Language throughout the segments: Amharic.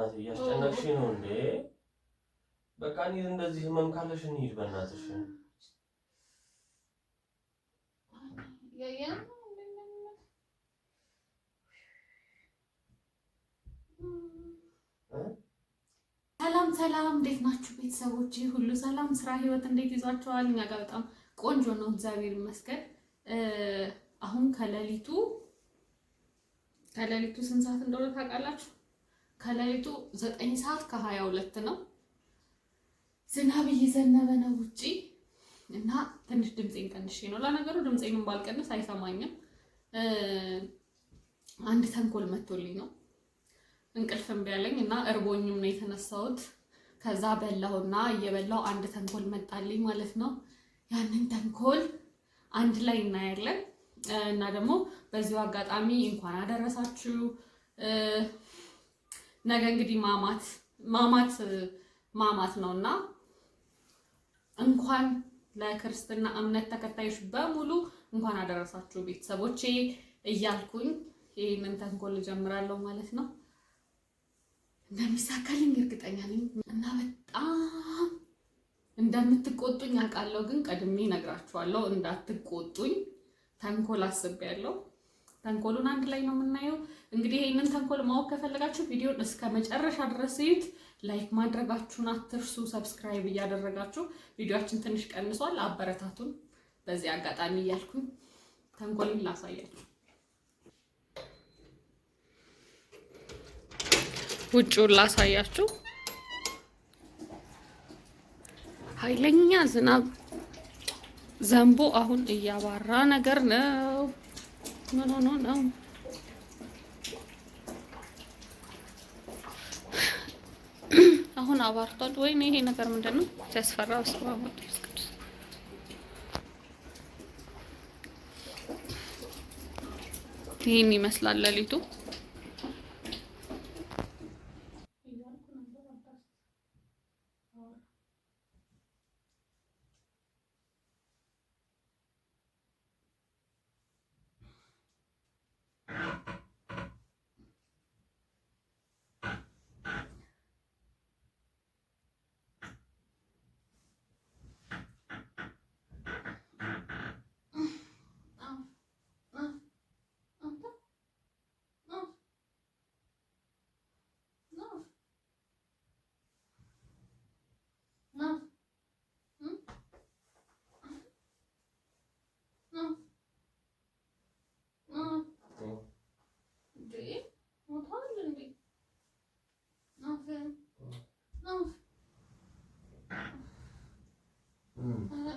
እናቴ እያስጨነቅሽ ነው እንዴ? በቃ እኔ እንደዚህ ህመም ካለሽ እንሂድ በእናትሽ። ሰላም ሰላም፣ እንዴት ናችሁ ቤተሰቦች? ሁሉ ሰላም? ስራ ህይወት እንዴት ይዟችኋል? እኛ ጋር በጣም ቆንጆ ነው፣ እግዚአብሔር ይመስገን። አሁን ከሌሊቱ ከሌሊቱ ስንት ሰዓት እንደሆነ ታውቃላችሁ? ከሌሊቱ ዘጠኝ ሰዓት ከሀያ ሁለት ነው። ዝናብ እየዘነበ ነው ውጪ እና ትንሽ ድምፄን ቀንሼ ነው። ለነገሩ ድምፄንም ባልቀንስ አይሰማኝም። አንድ ተንኮል መቶልኝ ነው እንቅልፍም ቢያለኝ እና እርቦኝም ነው የተነሳሁት። ከዛ እና እየበላሁ አንድ ተንኮል መጣልኝ ማለት ነው። ያንን ተንኮል አንድ ላይ እናያለን እና ደግሞ በዚሁ አጋጣሚ እንኳን አደረሳችሁ ነገ እንግዲህ ማማት ማማት ማማት ነው እና እንኳን ለክርስትና እምነት ተከታዮች በሙሉ እንኳን አደረሳችሁ ቤተሰቦቼ እያልኩኝ ይህንን ተንኮል ጀምራለሁ ማለት ነው። እንደሚሳካልኝ እርግጠኛ ነኝ እና በጣም እንደምትቆጡኝ አውቃለሁ፣ ግን ቀድሜ ነግራችኋለሁ። እንዳትቆጡኝ ተንኮል አስቤያለሁ። ተንኮሉን አንድ ላይ ነው የምናየው። እንግዲህ ይህንን ተንኮል ማወቅ ከፈለጋችሁ ቪዲዮን እስከ መጨረሻ ድረስ እዩት። ላይክ ማድረጋችሁን አትርሱ። ሰብስክራይብ እያደረጋችሁ ቪዲዮችን ትንሽ ቀንሷል፣ አበረታቱን። በዚህ አጋጣሚ እያልኩኝ ተንኮልን ላሳያችሁ። ውጭውን ላሳያችሁ። ኃይለኛ ዝናብ ዘንቦ አሁን እያባራ ነገር ነው። ምን ሆኖ ነው? አሁን አባርቷል ወይ? ይሄ ነገር ምንድን ነው ሲያስፈራ? ይህን ይመስላል ሌሊቱ። 嗯。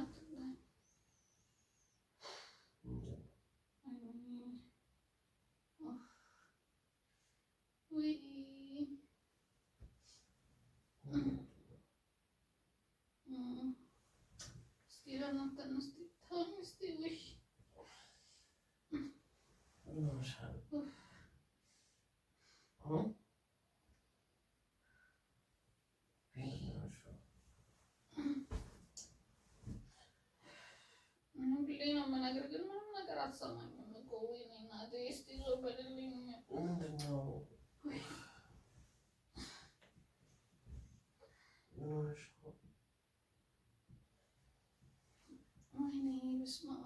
ሁሌ ነው የምነግርህ፣ ግን ምንም ነገር አትሰማኝም እኮ ወይኔ እናቴ። እስኪ ዞር በልልኝ ነው ምንድነው? ወይኔ በስመ አብ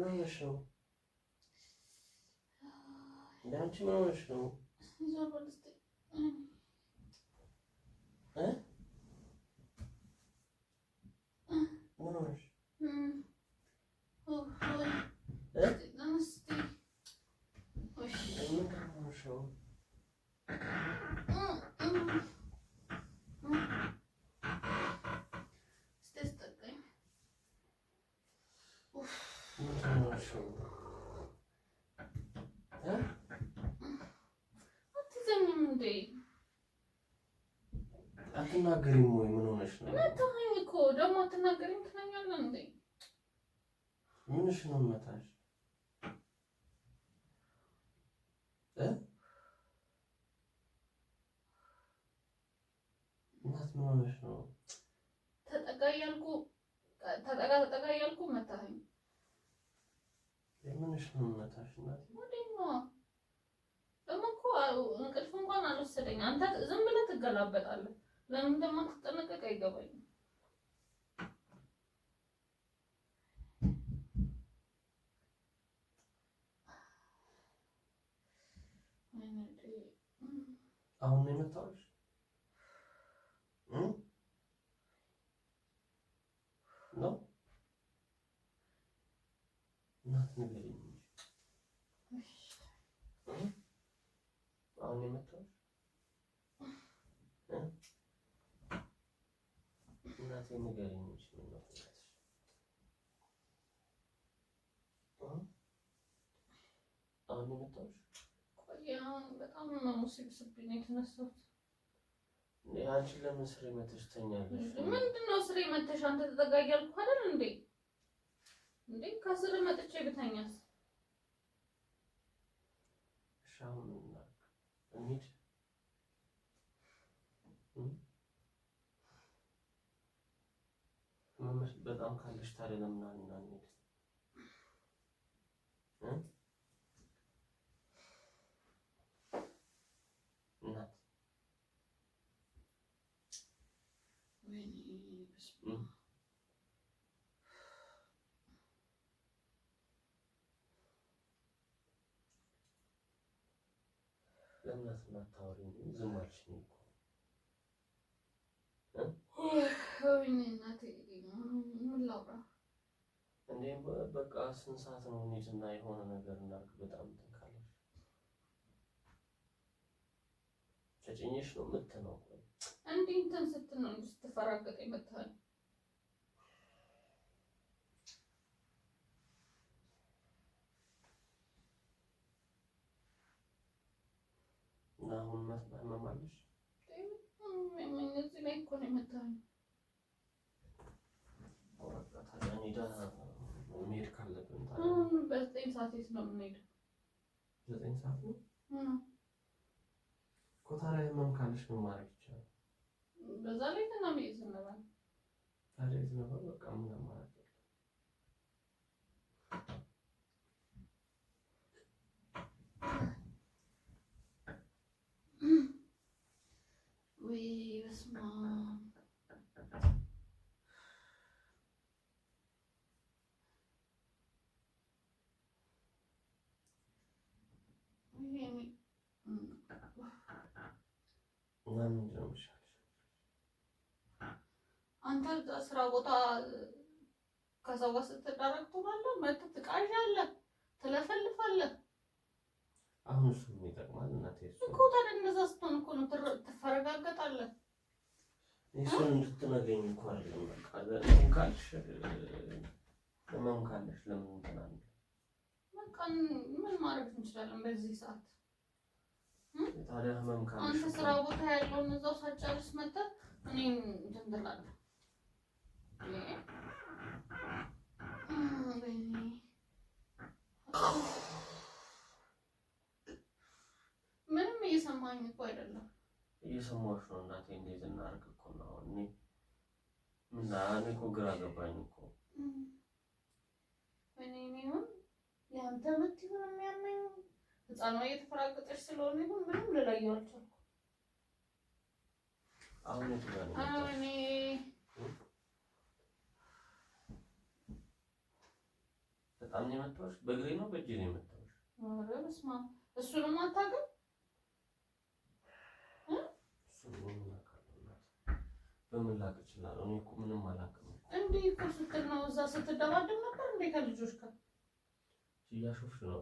não é chão. Dá-te mão ao chão. Já pode ter. Hã? Mãos. Oh, foi. Hã? Dá-me-se ter. Oxi. Dá-me cá ao chão. አትዘኝም እንዴ? አትናገሪም ወይ? ምን ሆነሽ ነው? መታኸኝ እኮ ደግሞ አትናገሪም ትለኛለህ እንዴ? ምንሽ ነው መታሽ? እናት ምን ሆነሽ ነው? ተጠቃ እያልኩ ተጠቃ ተጠቃ እያልኩ መታኸኝ የምንሽ ነው እናት እኮ እንቅልፍ እንኳን አልወሰደኝ። አንተ ዝም ብለህ ትገላበጣለህ። ለምን እንደማትጠነቀቅ አይገባኝም። አሁን ነው አሁን የመጣው እናቴ ንገሪኝ። አሁን የመጣው ቆይ፣ አሁን በጣም አንቺ ለምን ስሬ መተሽ ተኛለሽ? ምንድን ነው ስሬ መተሽ? አንተ ተዘጋጅ አልኩህ አይደል እንዴ? እንዴ ከስሬ መጥቼ ብተኛስ? Anneciğim. Hı? በጣም ካለሽ ታዲያ ለምን አንን አንሄድ? እናት ለእናትና አታወሪ እንጂ ዝም አልሽኝ እኮ እንዴ። በቃ ስንት ሰዓት ነው? እንሂድና የሆነ ነገር እናድርግ። በጣም እንትን ካለሽ ነው የምትለው እንዴ? እንትን ስትል ነው ስትፈራገጥ የመታኸኝ አሁን ማስታመማለሽ። እዚህ ላይ እኮ ነው የመጣሁት። መሄድ ካለብን በዘጠኝ ሰዓት የት ነው የምንሄደው? ዘጠኝ ሰዓት ነው እኮ። ታዲያ ህመም ካለሽ ምን ማድረግ ይቻላል? በዛ ላይ ዝናብ ይዘንባል። ታዲያ ይዘንባል። በቃ ምን ማንን ነው አንተ ስራ ቦታ ከሰው ጋር ስትዳረግ ትውላለህ፣ መተህ ትቃዣለህ፣ ትለፈልፋለህ። አሁን እሱ ምን ይጠቅማል? እናቴ እኮ ታዲያ እንደዛ ስትሆን እኮ ነው ትፈረጋገጣለህ። እሱን እንድትነግረኝ እኮ አይደለም በቃ ለምን ካልሽ ለምን ካለሽ ለምን ትላለህ። በቃ ምን ማድረግ እንችላለን በዚህ ሰዓት አንተ ስራ ቦታ ያለውን እዛው ሳጨርስ መጥተህ እኔም እንትን ትላለህ። ምንም እየሰማኝ እኮ አይደለም። እየሰማሁሽ ነው እናቴ። እንዴት እናድርግ እኮ ነው እኔ እና እኔ እኮ ግራ ገባኝ እኮ እኔ እኔ ያንተ ምትሆን የሚያመኝ ህፃኗ እየተፈራገጠች ስለሆነ ይሁን ምንም ልለየው አልቻልኩም። በጣም ነው የመታሁሽ። በእግሬ ነው በእጄ ነው የመታሁሽ። በስመ አብ እሱንም አታውቅም። በምን ላቅ እችላለሁ? እኔ እኮ ምንም አላውቅም። እንዴ እኮ ስትል ነው እዛ ስትደባደብ ነበር እንዴ ከልጆች ጋር እያሾፍሽ ነው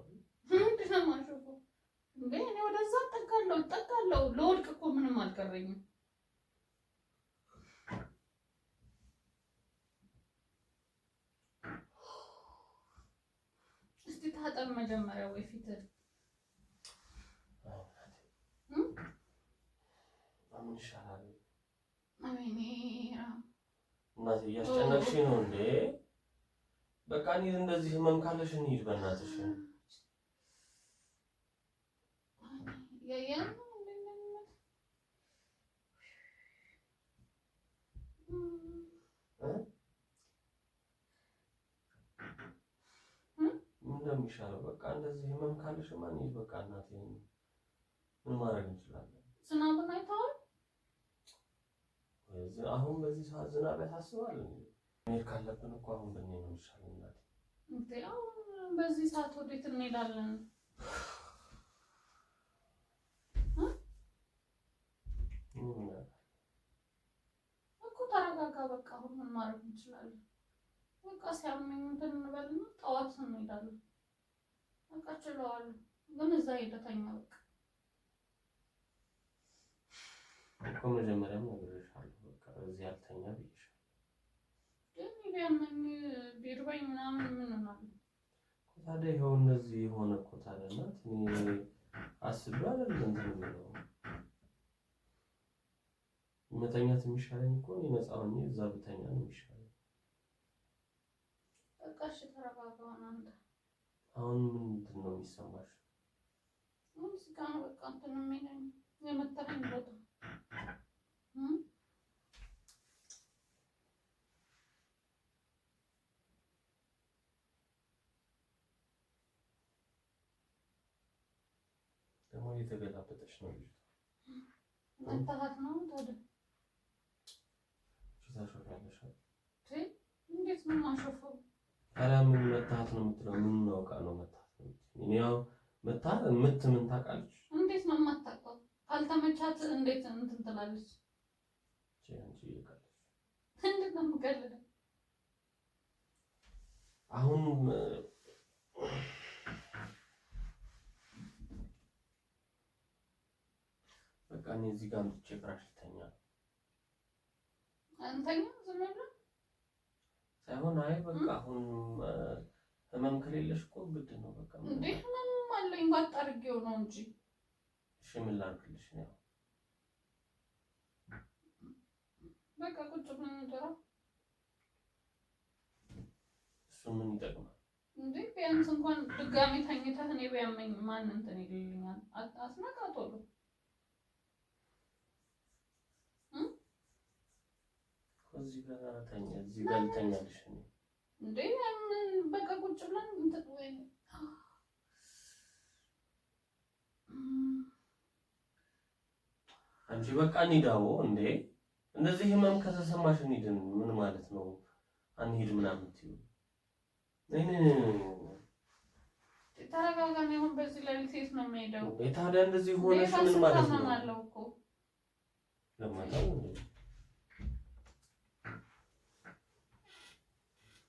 እኔ ወደዛ እጠጋለሁ እጠጋለሁ ለወድቅ እኮ ምንም አልቀረኝም። እስቲ ታጠብ መጀመሪያ ወይ እናቴ እያስጨነቅሽ ነው እንዴ? በቃ እኔ እንደዚህ ህመም ካለሽ እንሂድ በእናትሽ ምንድነው በቃ እንደዚህ ህመም ካለሽ ማን በቃ እናቴ ምን ማድረግ እንችላለን? ዝናቡን አይተኸዋል? አሁን በዚህ ሰዓት ዝናብ ያሳስባል። መሄድ ካለብን እኮ አሁን ብንሄድ ነው የሚሻለው እናቴ። በዚህ ሰዓት ወዴት እንሄዳለን? እኮ ተረጋጋ። በቃ አሁን ምን ማድረግ እንችላለን? በቃ ሲያመኝ እንትን እንበልና ጠዋት እንሄዳለን። በቃ ችለዋለሁ፣ ግን እዛ በቃ እኮ መጀመሪያም ነግሬሻለሁ። በቃ እዚህ አልተኛ ቢያመኝ ቢርበኝ ምናምን ምን ማለት ታዲያ ይኸው የሆነ እኮ ታዲያ አስቤ አይደል እንትን የምለው መተኛት የሚሻለኝ እኮ እኔ ነፃ ሆኜ እዛ ብተኛ ነው የሚሻለኝ። በቃ እሺ ተረጋጋ። አሁን ምን ነው የሚሰማሽ? ሙዚቃ ነው በቃ እንትን የሚለኝ ቦታ ደግሞ እየተገላበጠች ነው መታሀት ነው ታዲያ ታሾፋለሽ። እንዴት መታት ነው የምትለው? ምን ነው መታት ነው እኔ ያው ምት ምን ታውቃለች? እንዴት ነው የማታውቀው? ካልተመቻት እንዴት እንትን ትላለች። እንዴት ነው አሁን በቃ እኔ እዚህ ጋር ምትቸግራሽ ልተኛ ሳይሆን አይ በቃ አሁን ህመም ከሌለሽ እኮ ግድ ነው በቃ እንዴ ህመም አለኝ ባጣርጌው ነው እንጂ እሺ ምን ላድርግልሽ ነው በቃ ቁጭ ብለን እንጀራ እሱ ምን ይጠቅማል እንዴ ቢያንስ እንኳን ድጋሚ ተኝተህ እኔ ቢያመኝ ማን እንትን ይልልኛል አስነቃ ቶሎ ቁጭ አንቺ በቃ እንሂዳው እንዴ? እንደዚህ ህመም ከተሰማሽ እንሂድን ምን ማለት ነው? አንሂድ ምናምን ትይው ነኝ በዚህ ላይ ሴት ነው የሚሄደው። ታዲያ እንደዚህ ሆነሽ ምን ማለት ነው?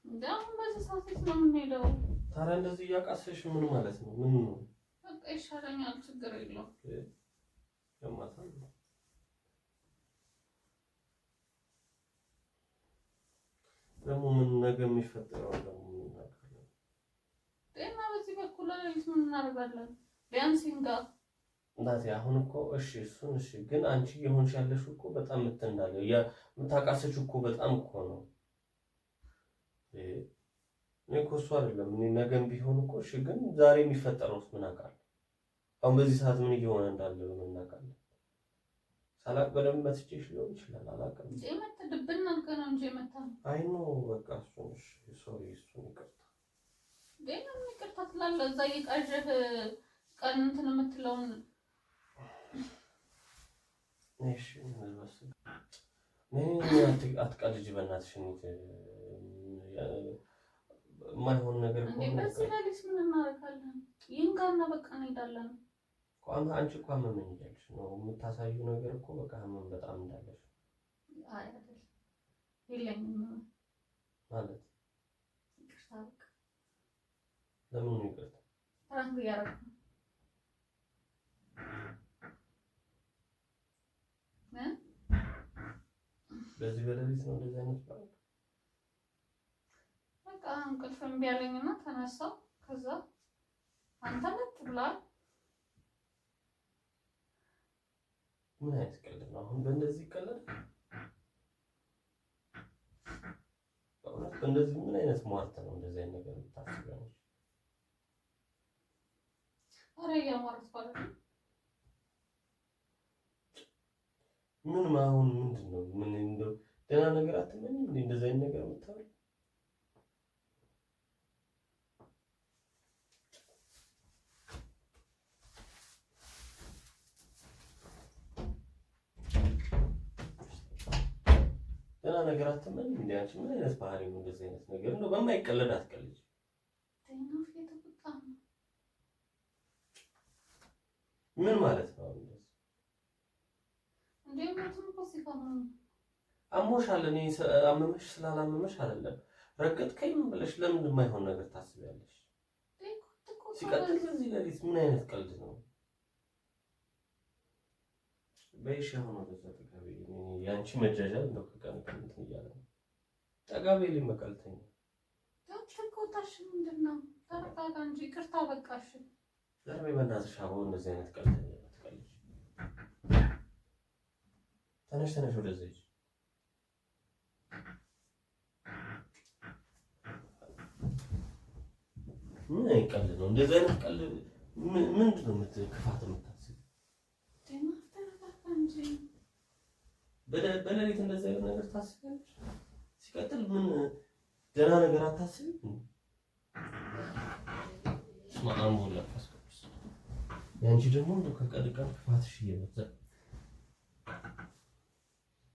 ታዲያ እንደዚህ እያቃሰሽ ምን ማለት ነው? ምን ነው በቃ ይሻለኛል፣ ችግር የለውም። ደግሞ ምን ነገ የሚፈጠረው ደግሞ ጤና በዚህ በኩል ሌሊት ምን እናደርጋለን? ቢያንስ ይንጋ እናቴ አሁን እኮ እሺ፣ እሱን እሺ፣ ግን አንቺ የሆንሽ ያለሽ እኮ በጣም ምትናለው የምታቃሰች እኮ በጣም እኮ ነው እኔ እኮ እሱ አይደለም እኔ ነገም ቢሆን እኮ እሺ፣ ግን ዛሬ የሚፈጠረው ምን አውቃለሁ? አሁን በዚህ ሰዓት ምን እየሆነ እንዳለ ምን እናውቃለን? ሳላቅ በደንብ መትቼሽ ሊሆን ይችላል አላውቅም። አይ ኖ በቃ እሱንሽ ሶሪ፣ እሱ ይቅርታ። ግን ይቅርታ ትላለህ እዛ እየቃዠህ ቀን እንትን የምትለውን እሺ፣ አትቀልጂ በእናትሽ የማይሆን ነገር በቃ እንሄዳለን። አንቺ እኮ ህመም እንዳለሽ ነው የምታሳዩ ነገር እኮ በቃ ህመም በጣም እንዳለሽ ማለት ለምን ነው ይቅርታ በዚህ በሌሊት ነው እንደዚህ አይነት እንቅልፍ እምቢ አለኝና ተነሳው። ከዛ አንተ ለት ብላል። ምን አይነት ቀልድ ነው አሁን? በእንደዚህ በእንደዚህ ምን አይነት ሟርት ነው? እንደዚህ አይነት ነገር የምታስበው? ኧረ እያሟርት ባለ ምን አሁን ምንድን ነው? ምን እንደው ደህና ነገር አትመኝም? እንደዚህ አይነት ነገር የምታወራው ገና ነገር ምን እንዴ? ምን አይነት ባህሪ ነው? እንደዚህ አይነት ነገር ነው። በማይቀለድ አትቀልጅ። ምን ማለት ነው? አሞሻል። እኔ አመመሽ ስላላመመሽ አይደለም። ረገጥከኝ ብለሽ ለምን የማይሆን ነገር ታስቢያለሽ? ሲቀጥል በዚህ ሌሊት ምን አይነት ቀልድ ነው? በይሽ ሆኖ በዛ ጠጋቤ የአንቺ መጃጃል እንደው ከቀን እንትን እያለ ምንድን ነው? ተረጋጋ እንጂ ቅርታ በቃሽ። ዛሬ በእናትሽ አበው እንደዚህ አይነት ቀልተኛ ትቀልሽ። ተነሽ ተነሽ፣ ወደዛ ሂጂ። ምን አይነት ነው እንደዚህ አይነት ቀልድ? ምንድን ነው ክፋት ምታ በሌሊት እንደዚህ አይነት ነገር ታስቢያለሽ? ሲቀጥል ምን ደህና ነገር አታስቢም? ማአም ያንቺ ደግሞ ከቀን ቀን ክፋትሽ እየበዛ